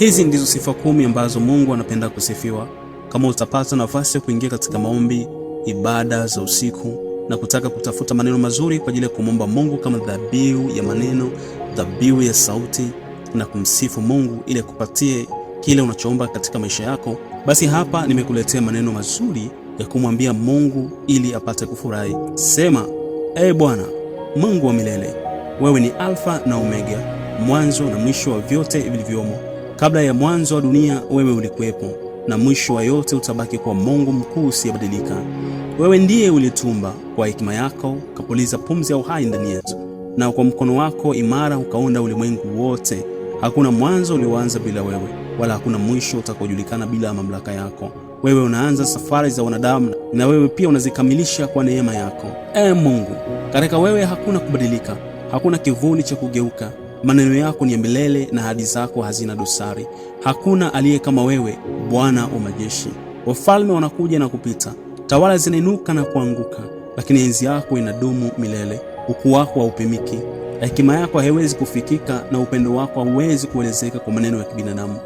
Hizi ndizo sifa kumi ambazo Mungu anapenda kusifiwa. Kama utapata nafasi ya kuingia katika maombi, ibada za usiku na kutaka kutafuta maneno mazuri kwa ajili ya kumwomba Mungu kama dhabihu ya maneno, dhabihu ya sauti na kumsifu Mungu ili akupatie kile unachoomba katika maisha yako, basi hapa nimekuletea maneno mazuri ya kumwambia Mungu ili apate kufurahi. Sema, e Bwana Mungu wa milele, wewe ni Alfa na Omega, mwanzo na mwisho wa vyote vilivyomo. Kabla ya mwanzo wa dunia wewe ulikuwepo, na mwisho wa yote utabaki kwa Mungu mkuu usiyebadilika. Wewe ndiye ulitumba, kwa hekima yako ukapuliza pumzi ya uhai ndani yetu, na kwa mkono wako imara ukaunda ulimwengu wote. Hakuna mwanzo ulioanza bila wewe, wala hakuna mwisho utakaojulikana bila mamlaka yako. Wewe unaanza safari za wanadamu na wewe pia unazikamilisha kwa neema yako. Ee Mungu, katika wewe hakuna kubadilika, hakuna kivuli cha kugeuka maneno yako ni ya milele na ahadi zako hazina dosari. Hakuna aliye kama wewe, Bwana wa majeshi. Wafalme wanakuja na kupita, tawala zinainuka na kuanguka, lakini enzi yako inadumu milele. Ukuu wako haupimiki, hekima yako haiwezi kufikika, na upendo wako hauwezi kuelezeka kwa maneno ya kibinadamu.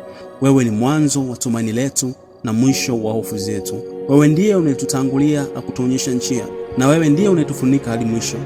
Wewe ni mwanzo wa tumaini letu na mwisho wa hofu zetu. Wewe ndiye unayetutangulia na kutuonyesha njia, na wewe ndiye unayetufunika hadi mwisho.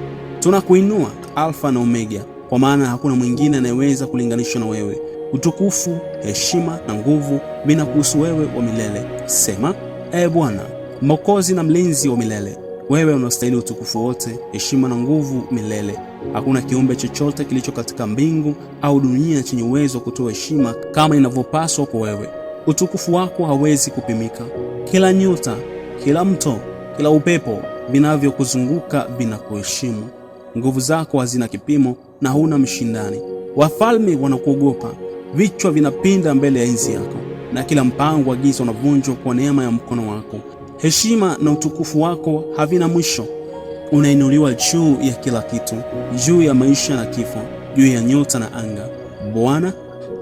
Tunakuinua, Alfa na Omega, kwa maana hakuna mwingine anayeweza kulinganishwa na wewe. Utukufu, heshima na nguvu vinakuhusu wewe wa milele. Sema: Ee Bwana, Mwokozi na mlinzi wa milele, wewe unastahili utukufu wote, heshima na nguvu milele. Hakuna kiumbe chochote kilicho katika mbingu au dunia chenye uwezo wa kutoa heshima kama inavyopaswa kwa wewe. Utukufu wako hauwezi kupimika. Kila nyota, kila mto, kila upepo vinavyokuzunguka vinakuheshimu. Nguvu zako hazina kipimo, na huna mshindani. Wafalme wanakuogopa, vichwa vinapinda mbele ya enzi yako, na kila mpango wa giza unavunjwa kwa neema ya mkono wako. Heshima na utukufu wako havina mwisho. Unainuliwa juu ya kila kitu, juu ya maisha na kifo, juu ya nyota na anga. Bwana,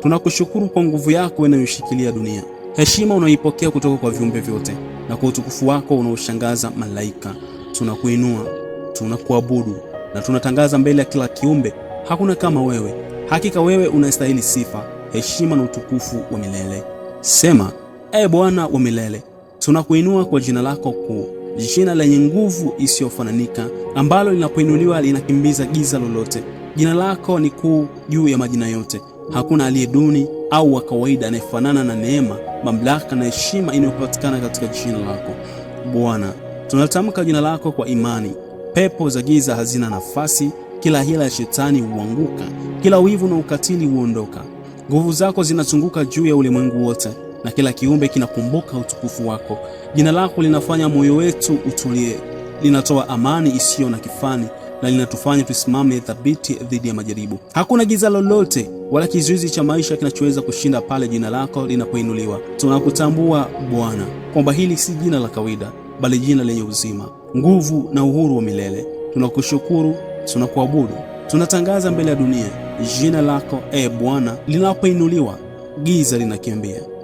tunakushukuru kwa nguvu yako inayoshikilia dunia. Heshima unaoipokea kutoka kwa viumbe vyote, na kwa utukufu wako unaoshangaza malaika. Tunakuinua, tunakuabudu na tunatangaza mbele ya kila kiumbe Hakuna kama wewe, hakika wewe unastahili sifa, heshima na utukufu wa milele. Sema, e Bwana wa milele, tunakuinua kwa jina lako kuu, jina lenye nguvu isiyofananika, ambalo linapoinuliwa linakimbiza giza lolote. Jina lako ni kuu juu ya majina yote. Hakuna aliye duni au wa kawaida anayefanana na neema, mamlaka na heshima inayopatikana katika jina lako Bwana. Tunatamka jina lako kwa imani. Pepo za giza hazina nafasi kila hila ya shetani huanguka, kila wivu na ukatili huondoka. Nguvu zako zinazunguka juu ya ulimwengu wote, na kila kiumbe kinakumbuka utukufu wako. Jina lako linafanya moyo wetu utulie, linatoa amani isiyo na kifani na linatufanya tusimame thabiti dhidi ya majaribu. Hakuna giza lolote wala kizuizi cha maisha kinachoweza kushinda pale jina lako linapoinuliwa. Tunakutambua Bwana, kwamba hili si jina la kawaida, bali jina lenye uzima, nguvu na uhuru wa milele. Tunakushukuru tunakuabudu, tunatangaza mbele ya dunia jina lako, e Bwana. Linapoinuliwa giza linakimbia.